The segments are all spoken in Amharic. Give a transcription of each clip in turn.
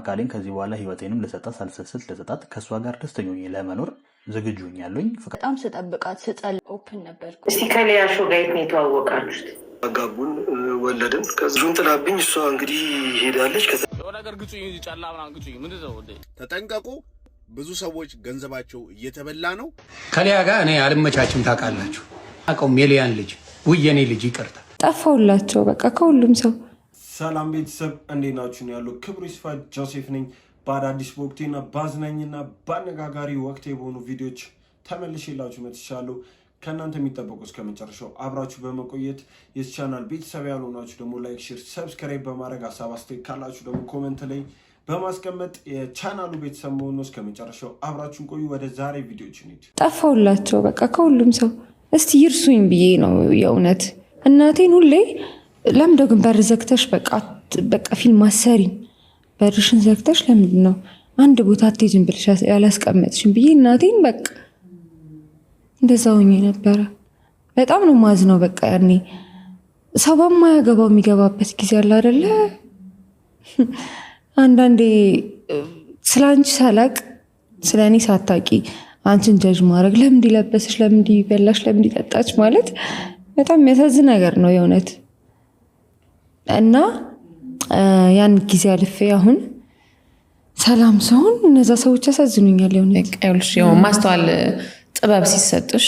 አካሌን ከዚህ በኋላ ህይወቴንም ልሰጣት ሳልሰስት ልሰጣት ከእሷ ጋር ደስተኛ ለመኖር ዝግጁ ያለኝ በጣም ስጠብቃት ስጸል ኦፕን ነበር። እስቲ ከሌላ ሾ ጋር የት ነው የተዋወቃችሁት? አጋቡን ወለድን። ከዙን ጥላብኝ እሷ እንግዲህ ይሄዳለች። ነገር ግጹኝ፣ ጫላ ምናምን ግጹኝ። ምንድን ነው ተጠንቀቁ። ብዙ ሰዎች ገንዘባቸው እየተበላ ነው። ከሊያ ጋር እኔ አልመቻችም ታውቃላችሁ። አቀው ሜሊያን ልጅ ውየኔ ልጅ ይቅርታ ጠፋውላቸው በቃ ከሁሉም ሰው ሰላም ቤተሰብ እንዴት ናችሁ? ነው ያለው። ክብሩ ይስፋ ጆሴፍ ነኝ። በአዳዲስ በወቅቴና በአዝናኝና በአነጋጋሪ ወቅቴ በሆኑ ቪዲዮዎች ተመልሼላችሁ መጥቻለሁ። ከእናንተ የሚጠበቁ እስከ መጨረሻው አብራችሁ በመቆየት የዚህ ቻናል ቤተሰብ ያልሆናችሁ ደግሞ ላይክ፣ ሼር፣ ሰብስክራይብ በማድረግ ሀሳብ አስተያየት ካላችሁ ደግሞ ኮመንት ላይ በማስቀመጥ የቻናሉ ቤተሰብ መሆኑ እስከ መጨረሻው አብራችሁን ቆዩ። ወደ ዛሬ ቪዲዮች እንሂድ። ጠፋውላቸው በቃ ከሁሉም ሰው እስቲ ይርሱኝ ብዬ ነው የእውነት እናቴን ሁሌ ለምንድነው ግን በር ዘግተሽ በቃ ፊልም አሰሪን በርሽን ዘግተሽ ለምንድን ነው አንድ ቦታ አትሄጂም ብለሽ ያላስቀመጥሽም ብዬ እናቴን በቃ እንደዛ ሆኜ ነበረ። በጣም ነው ማዝ ነው በቃ ያኔ ሰው በማያገባው የሚገባበት ጊዜ አለ አደለ? አንዳንዴ ስለ አንቺ ሳላቅ ስለ እኔ ሳታቂ አንቺን ጀጅ ማድረግ ለምን እንዲለበስሽ፣ ለምን እንዲበላሽ፣ ለምን ጠጣች ማለት በጣም የሚያሳዝን ነገር ነው የእውነት። እና ያን ጊዜ አልፌ አሁን ሰላም ሲሆን እነዛ ሰዎች ያሳዝኑኛል። ሆነ ማስተዋል ጥበብ ሲሰጥሽ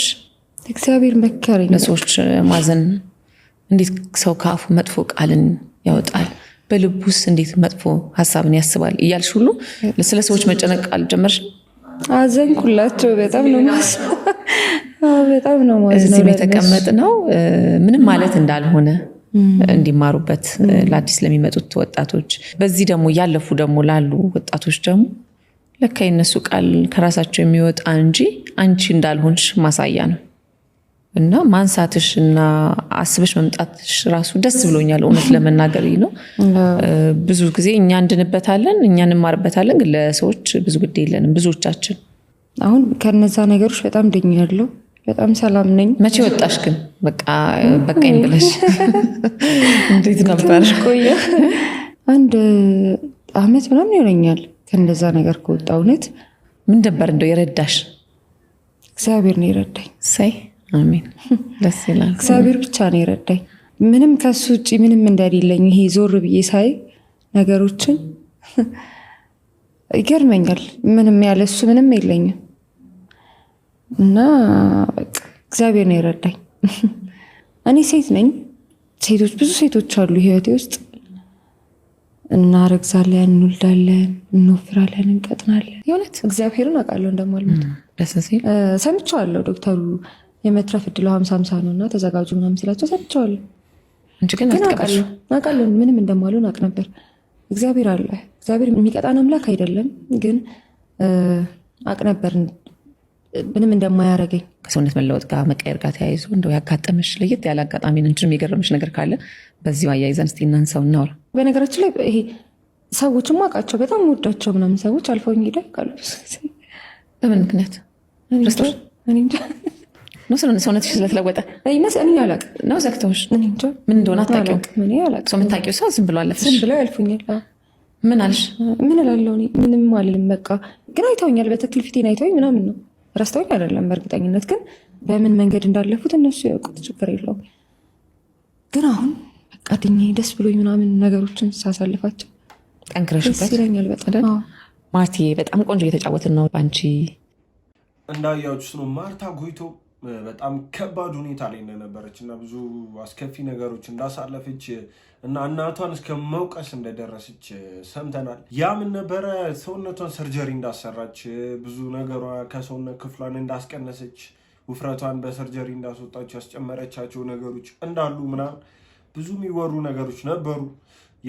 እግዚአብሔር መከረኝ። ለሰዎች ማዘን እንዴት ሰው ከአፉ መጥፎ ቃልን ያወጣል በልቡስ እንዴት መጥፎ ሀሳብን ያስባል እያልሽ ሁሉ ስለ ሰዎች መጨነቅ አልጀመርሽ? አዘንኩላቸው። በጣም ነው በጣም ነው። እዚህ የተቀመጥ ነው ምንም ማለት እንዳልሆነ እንዲማሩበት ለአዲስ ለሚመጡት ወጣቶች በዚህ ደግሞ እያለፉ ደግሞ ላሉ ወጣቶች ደግሞ ለካ የነሱ ቃል ከራሳቸው የሚወጣ እንጂ አንቺ እንዳልሆንሽ ማሳያ ነው እና ማንሳትሽ እና አስበሽ መምጣትሽ ራሱ ደስ ብሎኛል። እውነት ለመናገር ነው ብዙ ጊዜ እኛ እንድንበታለን፣ እኛ እንማርበታለን፣ ግን ለሰዎች ብዙ ግድ የለንም ብዙዎቻችን። አሁን ከነዛ ነገሮች በጣም ድኝ ያለው በጣም ሰላም ነኝ። መቼ ወጣሽ ግን? በቃ በቃኝ ብለሽ እንዴት ነበር? ቆየ አንድ አመት ምናምን ይሆነኛል ከእንደዛ ነገር ከወጣ። እውነት ምን ነበር እንደው የረዳሽ? እግዚአብሔር ነው የረዳኝ። ሳይ አሜን፣ ደስ ይላል። እግዚአብሔር ብቻ ነው የረዳኝ። ምንም ከሱ ውጭ ምንም እንደሌለኝ ይሄ ዞር ብዬ ሳይ ነገሮችን ይገርመኛል። ምንም ያለሱ ምንም የለኝም እና እግዚአብሔር ነው የረዳኝ። እኔ ሴት ነኝ። ሴቶች ብዙ ሴቶች አሉ ህይወቴ ውስጥ። እናረግዛለን፣ እንወልዳለን፣ እንወፍራለን፣ እንቀጥናለን። የእውነት እግዚአብሔርን አውቃለሁ እንደማልሞት ሰምቼዋለሁ። ዶክተሩ የመትረፍ እድሉ ሀምሳ ሀምሳ ነው እና ተዘጋጁ ምናምን ስላቸው ሰምቼዋለሁ። አውቃለሁ ምንም እንደማልሆን አውቅ ነበር። እግዚአብሔር አለ። እግዚአብሔር የሚቀጣን አምላክ አይደለም፣ ግን አውቅ ነበር ምንም እንደማያረገኝ ከሰውነት መለወጥ ጋር መቀየር ጋር ተያይዞ እንደው ያጋጠመሽ ለየት ያለ አጋጣሚ እንጂ የሚገርምሽ ነገር ካለ በዚሁ አያይዘን እስኪ እናንሳው እናውራ። በነገራችን ላይ ይሄ ሰዎች ማውቃቸው በጣም ወዳቸው ምናምን ሰዎች አልፈው ሄደ ቃሉ በምን ምክንያት ሰውነትሽ ስለተለወጠ እኔ አላውቅም ነው ዘግተውሽ ምን እንደሆነ አታውቂውም። ሰው የምታውቂው ሰው ዝም ብሎ አለፍሽ። ዝም ብሎ ያልፉኛል። ምን አልሽ? ምን እላለሁ? ምንም አልልም። በቃ ግን አይተውኛል። በትክክል ፊቴን አይተውኝ ምናምን ነው ረስተውኝ አይደለም በእርግጠኝነት ግን በምን መንገድ እንዳለፉት እነሱ ያውቁት፣ ችግር የለው ግን አሁን በቃ ደስ ብሎኝ ምናምን ነገሮችን ሳሳልፋቸው ጠንክረሽበት ይለኛል። በጣም በጣም ቆንጆ እየተጫወትን ነው። በአንቺ እንዳያዎች ነው ማርታ ጎይቶ በጣም ከባድ ሁኔታ ላይ እንደነበረች እና ብዙ አስከፊ ነገሮች እንዳሳለፈች እና እናቷን እስከ መውቀስ እንደደረሰች ሰምተናል። ያ ምን ነበረ? ሰውነቷን ሰርጀሪ እንዳሰራች፣ ብዙ ነገሯ ከሰውነት ክፍሏን እንዳስቀነሰች፣ ውፍረቷን በሰርጀሪ እንዳስወጣች፣ ያስጨመረቻቸው ነገሮች እንዳሉ ምናምን ብዙ የሚወሩ ነገሮች ነበሩ።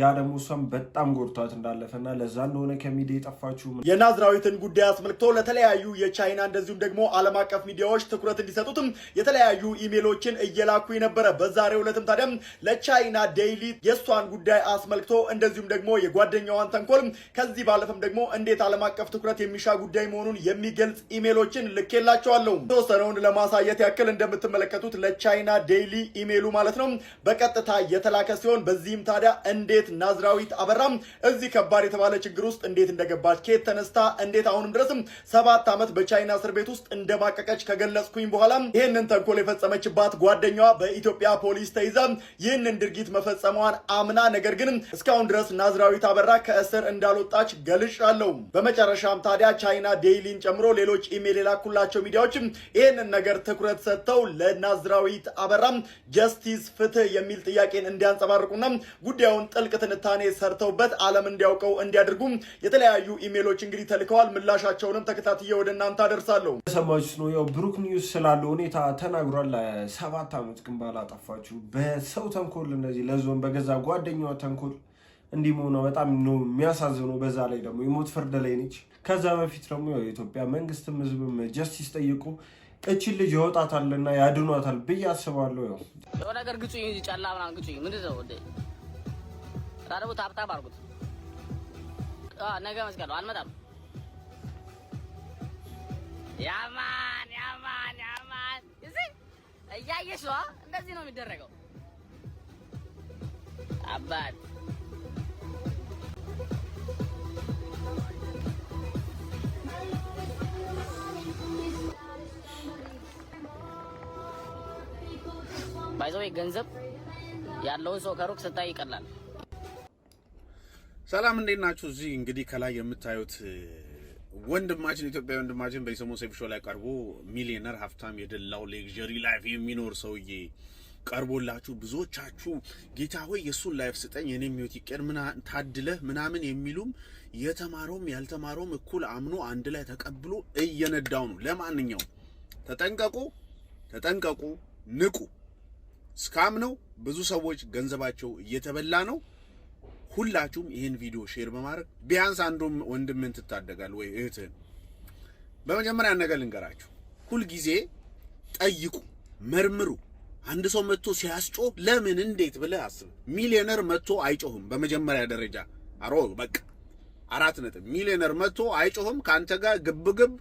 ያ ደግሞ እሷም በጣም ጎድቷት እንዳለፈና ለዛ እንደሆነ ከሚዲያ የጠፋችው የናዝራዊትን ጉዳይ አስመልክቶ ለተለያዩ የቻይና እንደዚሁም ደግሞ ዓለም አቀፍ ሚዲያዎች ትኩረት እንዲሰጡትም የተለያዩ ኢሜሎችን እየላኩ ነበረ። በዛሬው ዕለትም ታዲያም ለቻይና ዴይሊ የእሷን ጉዳይ አስመልክቶ እንደዚሁም ደግሞ የጓደኛዋን ተንኮል ከዚህ ባለፈም ደግሞ እንዴት ዓለም አቀፍ ትኩረት የሚሻ ጉዳይ መሆኑን የሚገልጽ ኢሜሎችን ልኬላቸዋለሁ። ተወሰነውን ለማሳየት ያክል እንደምትመለከቱት ለቻይና ዴይሊ ኢሜሉ ማለት ነው በቀጥታ የተላከ ሲሆን በዚህም ታዲያ እንዴት ሴት ናዝራዊት አበራም እዚህ ከባድ የተባለ ችግር ውስጥ እንዴት እንደገባች ከየት ተነስታ እንዴት አሁንም ድረስም ሰባት ዓመት በቻይና እስር ቤት ውስጥ እንደማቀቀች ከገለጽኩኝ በኋላ ይህንን ተንኮል የፈጸመችባት ጓደኛዋ በኢትዮጵያ ፖሊስ ተይዛ ይህንን ድርጊት መፈጸመዋን አምና ነገር ግን እስካሁን ድረስ ናዝራዊት አበራ ከእስር እንዳልወጣች ገልጫለሁ። በመጨረሻም ታዲያ ቻይና ዴይሊን ጨምሮ ሌሎች ኢሜል የላኩላቸው ሚዲያዎችም ይህንን ነገር ትኩረት ሰጥተው ለናዝራዊት አበራም ጀስቲስ ፍትህ የሚል ጥያቄን እንዲያንጸባርቁና ጉዳዩን ጥልቅ ጥልቅ ትንታኔ ሰርተውበት ዓለም እንዲያውቀው እንዲያደርጉም የተለያዩ ኢሜሎች እንግዲህ ተልከዋል። ምላሻቸውንም ተከታትዬ ወደ እናንተ አደርሳለሁ። ሰማች ነው ያው ብሩክ ኒውስ ስላለ ሁኔታ ተናግሯል። ለሰባት ዓመት ግንባር አጠፋችሁ በሰው ተንኮል እነዚህ ለዞን በገዛ ጓደኛዋ ተንኮል እንዲህ መሆኗ በጣም ነው የሚያሳዝነው። በዛ ላይ ደግሞ የሞት ፍርድ ላይ ነች። ከዛ በፊት ደግሞ የኢትዮጵያ መንግስትም ህዝብም ጀስቲስ ጠይቁ እችን ልጅ ያወጣታልና ያድኗታል ብዬ አስባለሁ። ያው ነገር ግጹ ጫላ ምናምን ግጹ ምንድን ነው ቀርቡ ታብታብ አድርጉት። ነገ መስቀል ነው። አልመጣም። ያማን ያማን ያማን እዚህ እያየሽ ነው። እንደዚህ ነው የሚደረገው። አባት ባይዘው ገንዘብ ያለውን ሰው ከሩቅ ስታይ ይቀላል። ሰላም እንዴት ናችሁ? እዚህ እንግዲህ ከላይ የምታዩት ወንድማችን ኢትዮጵያ ወንድማችን በኢሰሞ ሰይፉ ሾው ላይ ቀርቦ ሚሊዮነር ሀብታም የደላው ሌክዠሪ ላይፍ የሚኖር ሰውዬ ቀርቦላችሁ ብዙዎቻችሁ ጌታ ሆይ የእሱን ላይፍ ስጠኝ የኔ የሚወት ይቀር ታድለህ ምናምን የሚሉም የተማረውም ያልተማረውም እኩል አምኖ አንድ ላይ ተቀብሎ እየነዳው ነው። ለማንኛውም ተጠንቀቁ፣ ተጠንቀቁ፣ ንቁ። ስካም ነው። ብዙ ሰዎች ገንዘባቸው እየተበላ ነው። ሁላችሁም ይህን ቪዲዮ ሼር በማድረግ ቢያንስ አንዱ ወንድምን ትታደጋል ወይ እህትህን። በመጀመሪያ ነገር ልንገራችሁ፣ ሁልጊዜ ጠይቁ፣ መርምሩ። አንድ ሰው መጥቶ ሲያስጮ ለምን እንዴት ብለህ አስብ። ሚሊዮነር መጥቶ አይጮህም። በመጀመሪያ ደረጃ አሮ በቃ አራት ነጥብ። ሚሊዮነር መጥቶ አይጮህም። ከአንተ ጋር ግብግብ፣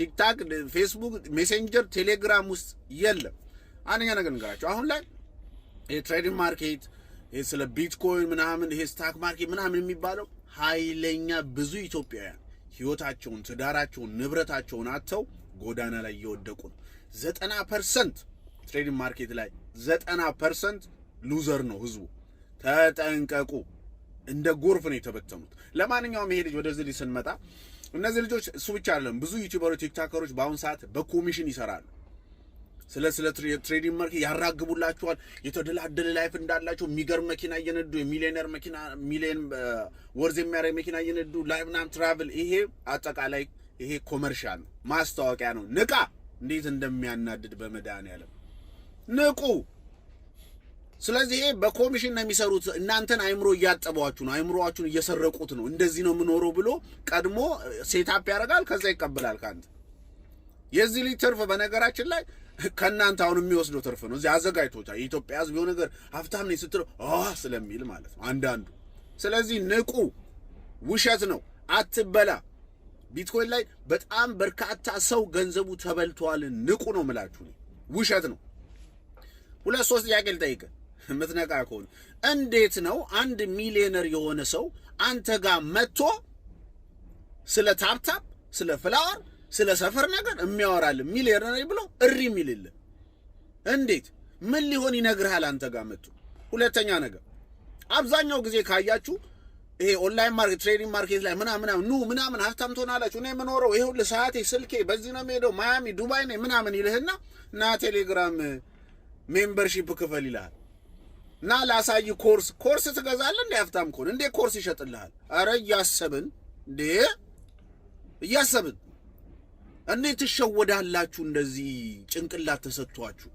ቲክታክ፣ ፌስቡክ፣ ሜሴንጀር፣ ቴሌግራም ውስጥ የለም። አንደኛ ነገር ልንገራችሁ፣ አሁን ላይ የትሬዲንግ ማርኬት ይህ ስለ ቢትኮይን ምናምን ይሄ ስታክ ማርኬት ምናምን የሚባለው ኃይለኛ ብዙ ኢትዮጵያውያን ህይወታቸውን፣ ትዳራቸውን፣ ንብረታቸውን አጥተው ጎዳና ላይ እየወደቁ ነው። ዘጠና ፐርሰንት ትሬዲንግ ማርኬት ላይ ዘጠና ፐርሰንት ሉዘር ነው ህዝቡ። ተጠንቀቁ። እንደ ጎርፍ ነው የተበተኑት። ለማንኛውም ይሄ ልጅ ወደዚህ ልጅ ስንመጣ እነዚህ ልጆች እሱ ብቻ አይደለም፣ ብዙ ዩቲዩበሮች ቲክታከሮች በአሁኑ ሰዓት በኮሚሽን ይሰራሉ። ስለ ስለ ትሬዲንግ ማርኬት ያራግቡላችኋል። የተደላደለ ላይፍ እንዳላቸው የሚገርም መኪና እየነዱ የሚሊዮነር መኪና ሚሊዮን ወርዝ የሚያደርግ መኪና እየነዱ ላይቭናም ትራቭል። ይሄ አጠቃላይ ይሄ ኮመርሻል ነው፣ ማስታወቂያ ነው። ንቃ! እንዴት እንደሚያናድድ በመድኃኒዓለም ንቁ። ስለዚህ ይሄ በኮሚሽን ነው የሚሰሩት። እናንተን አይምሮ እያጠቧችሁ ነው፣ አይምሮአችሁን እየሰረቁት ነው። እንደዚህ ነው የምኖረው ብሎ ቀድሞ ሴታፕ ያደርጋል፣ ከዛ ይቀበላል ከአንተ የዚህ ልጅ ትርፍ በነገራችን ላይ ከእናንተ አሁን የሚወስደው ትርፍ ነው። እዚህ አዘጋጅቶታል። የኢትዮጵያ ሕዝብ የሆነ ነገር ሀብታም ነኝ ስትለው ስለሚል ማለት ነው አንዳንዱ። ስለዚህ ንቁ፣ ውሸት ነው፣ አትበላ። ቢትኮይን ላይ በጣም በርካታ ሰው ገንዘቡ ተበልተዋል። ንቁ ነው ምላችሁ፣ ውሸት ነው። ሁለት ሶስት ጥያቄ ልጠይቅህ የምትነቃ ከሆነ እንዴት ነው አንድ ሚሊዮነር የሆነ ሰው አንተ ጋር መጥቶ ስለ ታፕታፕ ስለ ፍላወር ስለ ሰፈር ነገር የሚያወራል የሚል ብሎ እሪ የሚልል እንዴት ምን ሊሆን ይነግርሃል አንተ ጋር መጡ። ሁለተኛ ነገር አብዛኛው ጊዜ ካያችሁ ይሄ ኦንላይን ማርኬት ትሬዲንግ ማርኬት ላይ ምናምን ምናምን ኑ ምናምን ሀብታም ትሆናላችሁ። እኔ የምኖረው ይሄ ሁሉ ሰዓቴ ስልኬ በዚህ ነው የምሄደው ማያሚ ዱባይ ነኝ ምናምን ይልህና ና ቴሌግራም ሜምበርሺፕ ክፈል ይልሃል። እና ላሳይ ኮርስ ኮርስ ትገዛለህ እንደ ሀብታም ከሆነ እንዴ ኮርስ ይሸጥልሃል። አረ እያሰብን እንዴ እያሰብን እንዴት ትሸወዳላችሁ? እንደዚህ ጭንቅላት ተሰጥቷችሁ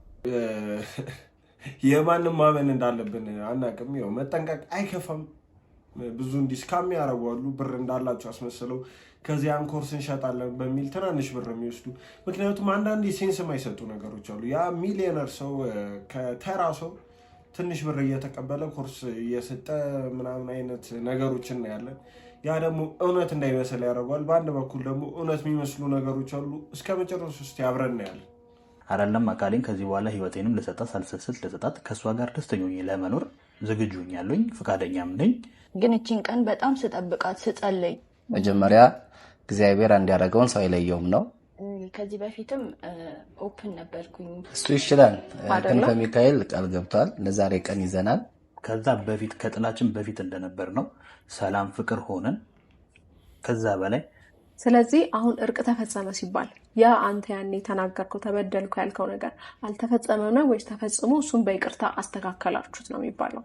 የማንም ማመን እንዳለብን አናቅም። ያው መጠንቀቅ አይከፋም። ብዙ እንዲህ ስካም ያደርጓሉ። ብር እንዳላቸው አስመስለው ከዚህ አንኮርስ እንሸጣለን በሚል ትናንሽ ብር የሚወስዱ ምክንያቱም አንዳንዴ ሴንስ የማይሰጡ ነገሮች አሉ። ያ ሚሊዮነር ሰው ከተራ ሰው ትንሽ ብር እየተቀበለ ኮርስ እየሰጠ ምናምን አይነት ነገሮች እናያለን። ያ ደግሞ እውነት እንዳይመስል ያደርገዋል። በአንድ በኩል ደግሞ እውነት የሚመስሉ ነገሮች አሉ። እስከ መጨረሱ ውስጥ ያብረን ያል አይደለም። አካሌን ከዚህ በኋላ ህይወቴንም ልሰጣት ሳልሰስት ልሰጣት ከእሷ ጋር ደስተኞኝ ለመኖር ዝግጁ ያለኝ ፈቃደኛም ነኝ። ግን እችን ቀን በጣም ስጠብቃት ስጸለይ መጀመሪያ እግዚአብሔር አንድ ያደረገውን ሰው አይለየውም ነው። ከዚህ በፊትም ኦፕን ነበርኩኝ። እሱ ይችላል። ግን ከሚካኤል ቃል ገብቷል። ለዛሬ ቀን ይዘናል። ከዛ በፊት ከጥላችን በፊት እንደነበር ነው። ሰላም ፍቅር ሆነን ከዛ በላይ ስለዚህ አሁን እርቅ ተፈጸመ ሲባል ያ አንተ ያኔ ተናገርከው ተበደልኩ ያልከው ነገር አልተፈጸመም ነው ወይስ ተፈጽሞ እሱን በይቅርታ አስተካከላችሁት ነው የሚባለው?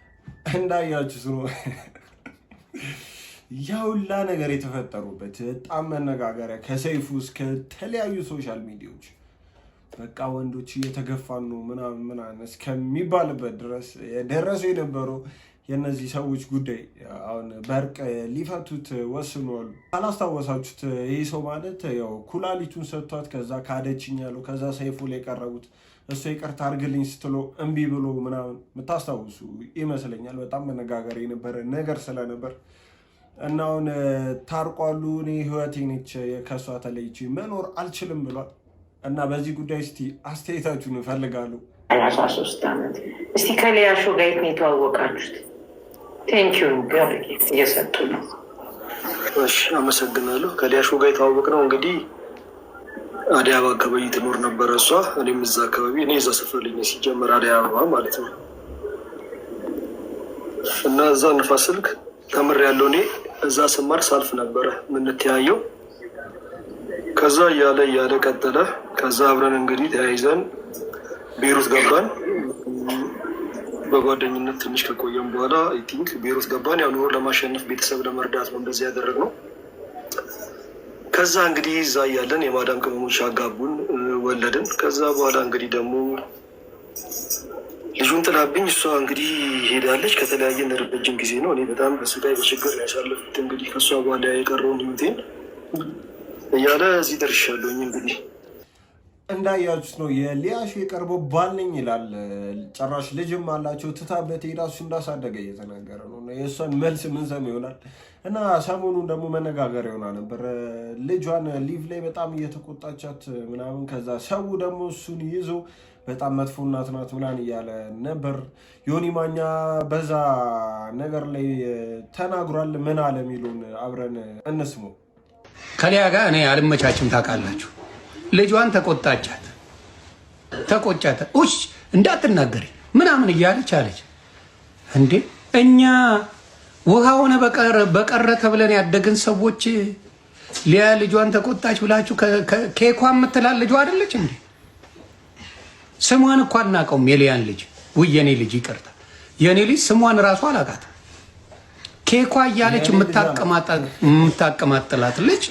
እንዳያችሁት ነው ያ ሁላ ነገር የተፈጠሩበት በጣም መነጋገሪያ ከሰይፉ እስከ ተለያዩ ሶሻል ሚዲያዎች በቃ ወንዶች እየተገፋን ነው ምናምን ምናምን እስከሚባልበት ድረስ የደረሱ የነበሩ የነዚህ ሰዎች ጉዳይ አሁን በእርቅ ሊፈቱት ወስኗል። አላስታወሳችሁት? ይህ ሰው ማለት ያው ኩላሊቱን ሰጥቷት ከዛ ካደችኝ ያሉ ከዛ ሰይፉ ላይ የቀረቡት እሱ ይቅርታ አድርግልኝ ስትሎ እምቢ ብሎ ምናምን የምታስታውሱ ይመስለኛል። በጣም መነጋገር የነበረ ነገር ስለነበር እና አሁን ታርቋሉ። እኔ ህይወቴ ነች ከእሷ ተለይቼ መኖር አልችልም ብሏል። እና በዚህ ጉዳይ እስቲ አስተያየታችሁን እፈልጋለሁ። ሀያ ሶስት ዓመት እስቲ ከሊያሾ ጋር የት ነው የተዋወቃችሁት? ቴንኪውን እየሰጡ ነው። እሺ አመሰግናለሁ። ከሊያሾ ጋር የተዋወቅ ነው እንግዲህ አደይ አበባ አካባቢ ትኖር ነበረ እሷ፣ እኔም እዛ አካባቢ እኔ እዛ ሰፈር ልኝ ሲጀመር አደይ አበባ ማለት ነው እና እዛ ንፋስ ስልክ ተምር ያለው እኔ እዛ ስማር ሳልፍ ነበረ የምንተያየው ከዛ እያለ እያለ ቀጠለ። ከዛ አብረን እንግዲህ ተያይዘን ቤሩት ገባን። በጓደኝነት ትንሽ ከቆየም በኋላ አይ ቲንክ ቤሩት ገባን። ያው ኑሮ ለማሸነፍ ቤተሰብ ለመርዳት ነው እንደዚህ ያደረግነው። ከዛ እንግዲህ እዛ እያለን የማዳም ቅመሞች አጋቡን፣ ወለድን። ከዛ በኋላ እንግዲህ ደግሞ ልጁን ጥላብኝ እሷ እንግዲህ ሄዳለች። ከተለያየ ረጅም ጊዜ ነው። እኔ በጣም በስቃይ በችግር ያሳለፉት እንግዲህ ከእሷ በኋላ የቀረውን ህይወቴን እያለ እዚህ ደርሻለሁኝ። እንግዲህ እንዳያችሁት ነው የሊያሽ የቀርቦ ባልኝ ይላል። ጭራሽ ልጅም አላቸው ትታበት ራሱ እንዳሳደገ እየተናገረ ነው። የእሷን መልስ ምን ሰም ይሆናል እና ሰሞኑን ደግሞ መነጋገር ይሆና ነበር። ልጇን ሊቭ ላይ በጣም እየተቆጣቻት ምናምን፣ ከዛ ሰው ደግሞ እሱን ይዞ በጣም መጥፎ እናት ናት ምናምን እያለ ነበር። ዮኒ ማኛ በዛ ነገር ላይ ተናግሯል። ምን አለ የሚሉን አብረን እንስሙ። ከሊያ ጋር እኔ አልመቻችም ታውቃላችሁ። ልጇን ተቆጣቻት ተቆጫት ውሽ እንዳትናገሪ ምናምን እያለች አለች። እንዴ እኛ ውሃ ሆነ በቀረ ተብለን ያደግን ሰዎች ሊያ ልጇን ተቆጣች ብላችሁ ኬኳ የምትላል ልጇ አይደለች እንዴ? ስሟን እኳ አናውቀውም። የሊያን ልጅ ውይ የኔ ልጅ ይቅርታ፣ የኔ ልጅ ስሟን እራሱ አላውቃትም። ኬኳ እያለች የምታቀማጥላት ልጅ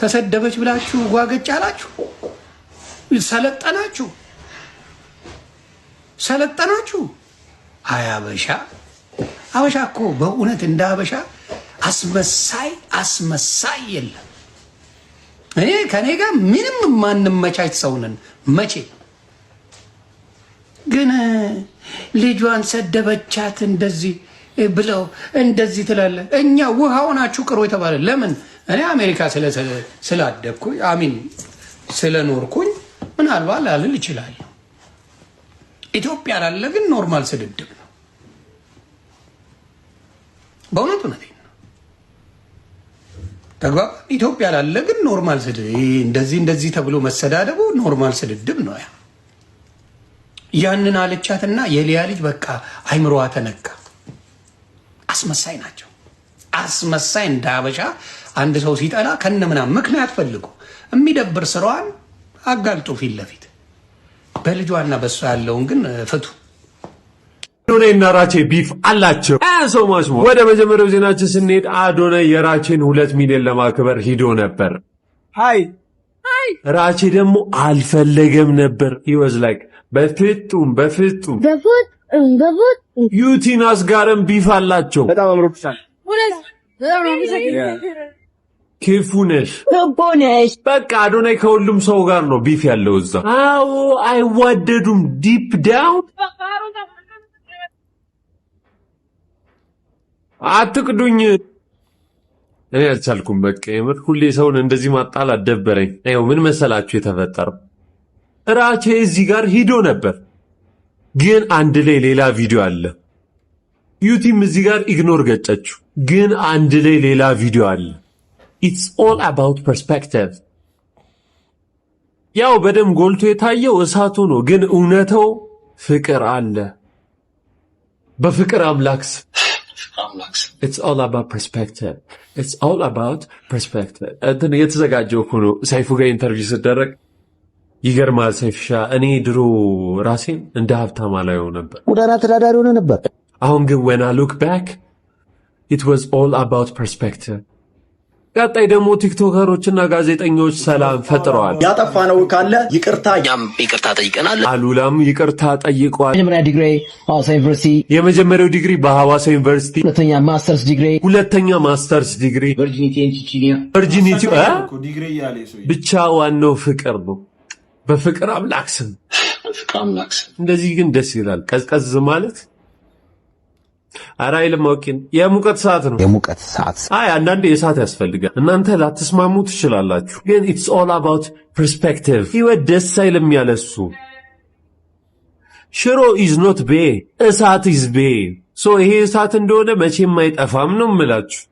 ተሰደበች ብላችሁ ጓገጭ አላችሁ። ሰለጠናችሁ ሰለጠናችሁ። አይ አበሻ አበሻ እኮ በእውነት እንደ አበሻ አስመሳይ አስመሳይ የለም። እኔ ከእኔ ጋር ምንም ማንመቻች ሰውንን መቼ ግን ልጇን ሰደበቻት እንደዚህ ብለው እንደዚህ ትላለ። እኛ ውሃው ናችሁ ቅሮ የተባለ ለምን እኔ አሜሪካ ስላደግኩ አሚን ስለኖርኩኝ ምናልባት ላልል ይችላለሁ። ኢትዮጵያ ላለ ግን ኖርማል ስድድብ ነው። በእውነት እውነቴን ተግባባ። ኢትዮጵያ ላለ ግን ኖርማል ስድድብ እንደዚህ እንደዚህ ተብሎ መሰዳደቡ ኖርማል ስድድብ ነው። ያ ያንን አለቻትና የሊያ ልጅ በቃ አይምሮዋ ተነካ። አስመሳይ ናቸው። አስመሳይ እንደ አንድ ሰው ሲጠላ ከነምና ምክንያት ፈልጉ የሚደብር ስራዋን አጋልጡ ፊት ለፊት በልጇና በሷ ያለውን ግን ፍቱ። አዶናይ እና ራቼ ቢፍ አላቸው ሰው ah, ወደ መጀመሪያው ዜናችን ስንሄድ አዶናይ የራቼን ሁለት ሚሊዮን ለማክበር ሂዶ ነበር። ሀይ ራቼ ደግሞ አልፈለገም ነበር። ወዝ ላይክ በፍጡም በፍጡም ዩቲናስ ጋርም ቢፍ አላቸው። በጣም አምሮብሻል። ክፉ ነሽ፣ ክፉ ነሽ። በቃ አዶናይ ከሁሉም ሰው ጋር ነው ቢፍ ያለው እዛ። አዎ አይዋደዱም። ዲፕ ዳውን አትቅዱኝ። እኔ አልቻልኩም። በቃ የምር ሁሌ ሰውን እንደዚህ ማጣል አደበረኝ። ይኸው ምን መሰላችሁ የተፈጠረው? እራቼ እዚህ ጋር ሂዶ ነበር ግን አንድ ላይ ሌላ ቪዲዮ አለ። ዩቲም እዚህ ጋር ኢግኖር ገጨችው። ግን አንድ ላይ ሌላ ቪዲዮ አለ። ኢትስ ኦል አባውት ፐርስፔክቲቭ። ያው በደም ጎልቶ የታየው እሳቱ ነው፣ ግን እውነተው ፍቅር አለ። በፍቅር አምላክስ ኢትስ ኦል አባውት ፐርስፔክቲቭ ኢትስ ኦል አባውት ፐርስፔክቲቭ። እንትን የተዘጋጀው ሆኖ ሰይፉ ጋር ኢንተርቪው ስደረግ ይገርማል ሰይፍሻ፣ እኔ ድሮ ራሴን እንደ ሀብታም አላየው ነበር። ጎዳና ተዳዳሪ ሆነ ነበር። አሁን ግን ወና ሉክ ባክ ኢት ዋዝ ኦል አባውት ፐርስፔክቲቭ። ቀጣይ ደግሞ ቲክቶከሮችና ጋዜጠኞች ሰላም ፈጥረዋል። ያጠፋ ነው ካለ ይቅርታ ያም ይቅርታ ጠይቀናል። አሉላም ይቅርታ ጠይቋል። መጀመሪያ ዲግሪ ሐዋሳ ዩኒቨርሲቲ፣ የመጀመሪያው ዲግሪ በሐዋሳ ዩኒቨርሲቲ፣ ሁለተኛ ማስተርስ ዲግሪ፣ ሁለተኛ ማስተርስ ዲግሪ ቨርጂኒቲ ብቻ ዋናው ፍቅር ነው። በፍቅር አምላክ ስም እንደዚህ ግን ደስ ይላል። ቀዝቀዝ ማለት አራይ ማውቂን የሙቀት ሰዓት ነው። የሙቀት ሰዓት አይ አንዳንዴ የሰዓት ያስፈልጋል። እናንተ ላትስማሙ ትችላላችሁ፣ ግን ኢትስ ኦል አባውት ፐርስፔክቲቭ። ህይወት ደስ አይልም ያለሱ ሽሮ ኢዝ ኖት ቤ እሳት ኢዝ ቤ ሶ ይሄ እሳት እንደሆነ መቼም አይጠፋም ነው የምላችሁ።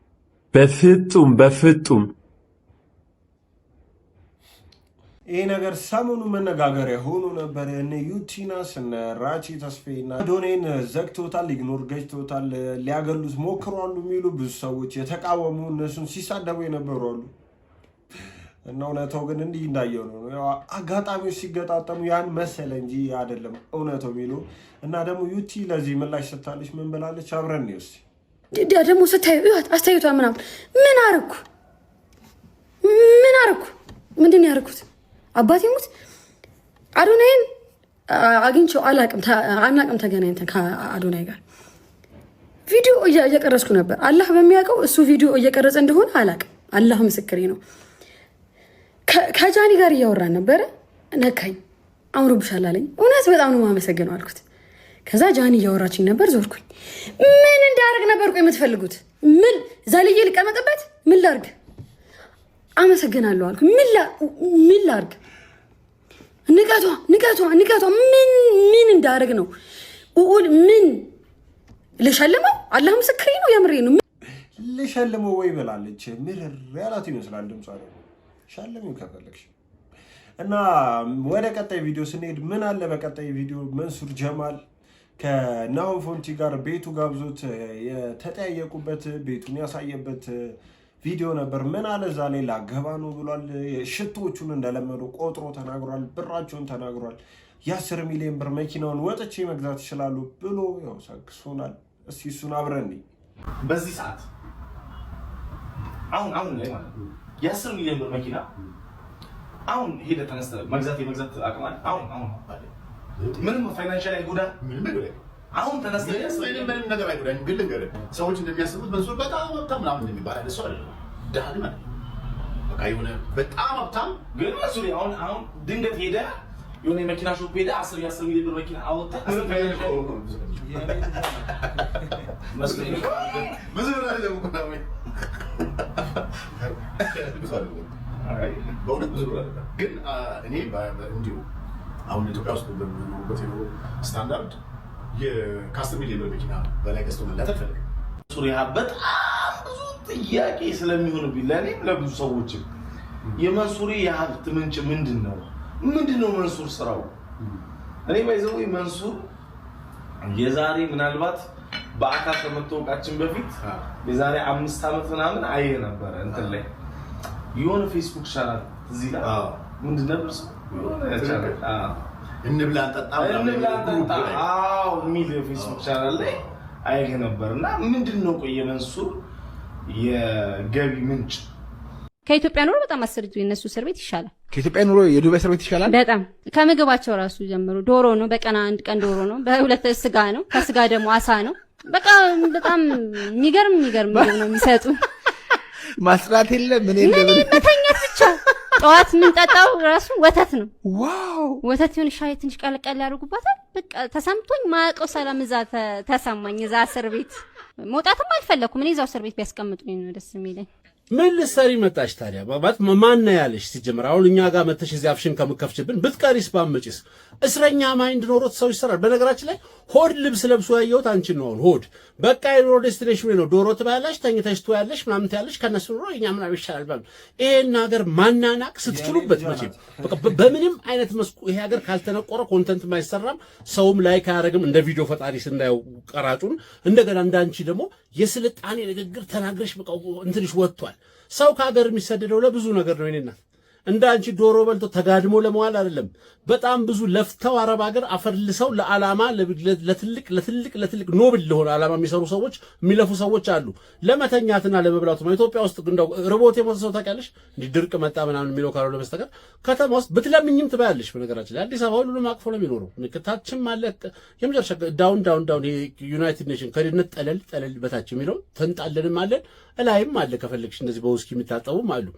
በፍጡም በፍጡም ይሄ ነገር ሰሞኑ መነጋገሪያ ሆኖ ነበር። እነ ዩቲናስ እነ ራቺ ተስፌና አዶኔን ዘግቶታል፣ ኢግኖር ገጭቶታል፣ ሊያገሉት ሞክሯሉ የሚሉ ብዙ ሰዎች የተቃወሙ እነሱን ሲሳደቡ የነበሩ አሉ እና እውነታው ግን እንዲህ እንዳየው ነው። አጋጣሚዎች ሲገጣጠሙ ያን መሰለ እንጂ አይደለም እውነታው የሚሉ እና ደግሞ ዩቲ ለዚህ ምላሽ ስታለች ምን ብላለች? አብረን ስ ደግሞ ስታዩ አስተያየቷ ምናምን ምን አርኩ ምን አርኩ ምንድን ያርኩት አባቴ ሙት አዶናይን አግኝቼው አናቅም ተገናኝተን ከአዶናይ ጋር ቪዲዮ እየቀረጽኩ ነበር። አላህ በሚያውቀው እሱ ቪዲዮ እየቀረጸ እንደሆነ አላቅም። አላህ ምስክሬ ነው። ከጃኒ ጋር እያወራን ነበረ። ነካኝ። አምሮብሻል አለኝ። እውነት በጣም ነው የማመሰግነው አልኩት። ከዛ ጃኒ እያወራችኝ ነበር። ዞርኩኝ። ምን እንዳደርግ ነበር የምትፈልጉት? ምን ዛልዬ ልቀመጥበት? ምን ላርግ? አመሰግናለሁ አልኩ። ምን ላርግ ንቀቷ ንቀቷ ንቀቷ ምን ምን እንዳደረግ ነው ኡል ምን ልሸልመው? አላህ ምስክሬ ነው፣ የምሬ ነው። ልሸልመው ወይ ብላለች። ምርር ያላት ይመስላል ድምጿ ደግሞ። ሸልሚው ከፈለግሽ እና ወደ ቀጣይ ቪዲዮ ስንሄድ ምን አለ በቀጣይ ቪዲዮ መንሱር ጀማል ከናሆም ፎንቲ ጋር ቤቱ ጋብዞት የተጠያየቁበት ቤቱን ያሳየበት ቪዲዮ ነበር። ምን አለ እዛ ላይ ላገባ ነው ብሏል። ሽቶቹን እንደለመዱ ቆጥሮ ተናግሯል። ብራቸውን ተናግሯል። የአስር ሚሊዮን ብር መኪናውን ወጥቼ መግዛት ይችላሉ ብሎ ያው ሰክሶናል። እስኪ እሱን አብረን በዚህ ሰዓት አሁን አሁን ላይ ማለት የአስር ሚሊዮን ብር መኪና አሁን ሄደ ተነስተ መግዛት የመግዛት አቅማል አሁን አሁን ምንም ፋይናንሻል አይጎዳም። አሁን ተነስተህ ምንም ነገር አይጎዳ። ግን ሰዎች እንደሚያስቡት በጣም በጣም ምናምን የሚባል አይነት ሰው አይደለም። ደሃን ማለት በቃ የሆነ በጣም ሀብታም ግን እሱ አሁን አሁን ድንገት ሄደ የሆነ የመኪና ሾፕ ሄደ አስር የአስር ሚሊዮን ብር መኪና አወጣ ብዙ በእውነት ብዙ ግን እኔ እንዲሁ አሁን ኢትዮጵያ ውስጥ በሚኖሩበት የኖሩ ስታንዳርድ ከአስር ሚሊዮን ብር መኪና በላይ ገዝቶ መላት አልፈልግም። ሱሪያ በጣም ጥያቄ ስለሚሆንብኝ ለእኔም ለብዙ ሰዎችም የመንሱሪ የሀብት ምንጭ ምንድን ነው? ምንድን ነው መንሱር ስራው? እኔ ባይዘው መንሱር የዛሬ ምናልባት በአካል ከመታወቃችን በፊት የዛሬ አምስት ዓመት ምናምን አየ ነበረ እንትን ላይ የሆነ ፌስቡክ ቻናል እዚህ ጋር ምንድን ነበር እንብላ እንጠጣ የሚል ፌስቡክ ቻናል ላይ አየ ነበር እና ምንድን ነው ቆየ መንሱር የገቢ ምንጭ ከኢትዮጵያ ኑሮ በጣም አሰርቶ የነሱ እስር ቤት ይሻላል። ከኢትዮጵያ ኑሮ የዱባይ እስር ቤት ይሻላል። በጣም ከምግባቸው ራሱ ጀምሮ ዶሮ ነው፣ በቀን አንድ ቀን ዶሮ ነው፣ በሁለት ስጋ ነው፣ ከስጋ ደግሞ አሳ ነው። በቃ በጣም የሚገርም የሚገርም ምግብ ነው የሚሰጡ ማስራት የለም ምን የለም፣ መተኛት ብቻ። ጠዋት የምንጠጣው ራሱ ወተት ነው። ዋው ወተት ይሁን ሻይ ትንሽ ቀለቀል ያደርጉባታል። በቃ ተሰምቶኝ ማቀው ሰላም እዛ ተሰማኝ። እዛ እስር ቤት መውጣትም አልፈለኩም። እኔ እዛው እስር ቤት ቢያስቀምጡኝ ነው ደስ የሚለኝ። ምን ልትሰሪ መጣሽ ታዲያ? ማን ነው ያለሽ? ሲጀምር አሁን እኛ ጋር መተሽ እዚህ አፍሽን ከምከፍችብን ብትቀሪስ ባመጭስ እስረኛ ማይንድ ኖሮት ሰው ይሰራል። በነገራችን ላይ ሆድ ልብስ ለብሶ ያየሁት አንቺን ነው። ሆድ በቃ የኖሮ ዴስቲኔሽን ነው። ዶሮ ትበያለሽ፣ ተኝተሽ ትወያለሽ፣ ምናምን ትያለሽ። ከነሱ ኖሮ እኛ ምናምን ይሻላል ባሉ ይሄን ሀገር ማናናቅ ስትችሉበት መቼም በምንም አይነት መስኩ ይሄ ሀገር ካልተነቆረ ኮንተንት አይሰራም፣ ሰውም ላይክ አያደርግም። እንደ ቪዲዮ ፈጣሪ ስናየው ቀራጩን እንደገና እንዳንቺ ደግሞ የስልጣኔ ንግግር ተናግረሽ በቃ እንትንሽ ወጥቷል። ሰው ከሀገር የሚሰደደው ለብዙ ነገር ነው። ይኔናት እንደ አንቺ ዶሮ በልቶ ተጋድሞ ለመዋል አይደለም። በጣም ብዙ ለፍተው አረብ ሀገር አፈልሰው ለዓላማ ለትልቅ ለትልቅ ለትልቅ ኖብል ለሆነ ዓላማ የሚሰሩ ሰዎች የሚለፉ ሰዎች አሉ። ለመተኛትና ለመብላቱ ኢትዮጵያ ውስጥ እንደው ርቦት የሞተ ሰው ታውቂያለሽ? እንዲህ ድርቅ መጣ ምናምን የሚለው ካልሆነ በስተቀር ከተማ ውስጥ ብትለምኝም ትበያለሽ። በነገራችን ላይ አዲስ አበባ ሁሉንም አቅፎ ነው የሚኖረው። ከታችም አለ የመጨረሻ ዳውን ዳውን ዳውን ዩናይትድ ኔሽን ከድህነት ጠለል ጠለል በታች የሚለው ተንጣለንም አለን እላይም አለ። ከፈለግሽ እንደዚህ በውስኪ የሚታጠቡም አሉ።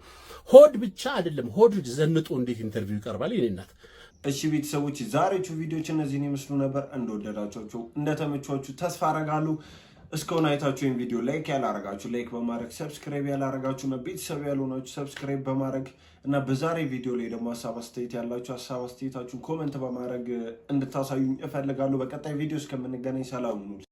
ሆድ ብቻ አይደለም፣ ሆድ ዘንጦ እንዴት ኢንተርቪው ይቀርባል? የኔ እናት። እሺ ቤተሰቦች፣ ዛሬዎቹ ቪዲዮዎች እነዚህን ይመስሉ ነበር። እንደወደዳቸው እንደተመቿችሁ ተስፋ አረጋሉ። እስከሆነ አይታችሁ ይህን ቪዲዮ ላይክ ያላረጋችሁ ላይክ በማድረግ ሰብስክራይብ ያላረጋችሁ እና ቤተሰብ ያልሆናችሁ ሰብስክራይብ በማድረግ እና በዛሬ ቪዲዮ ላይ ደግሞ ሀሳብ አስተያየት ያላችሁ ሀሳብ አስተያየታችሁን ኮመንት በማድረግ እንድታሳዩኝ እፈልጋለሁ። በቀጣይ ቪዲዮ እስከምንገናኝ ሰላም ሁኑ።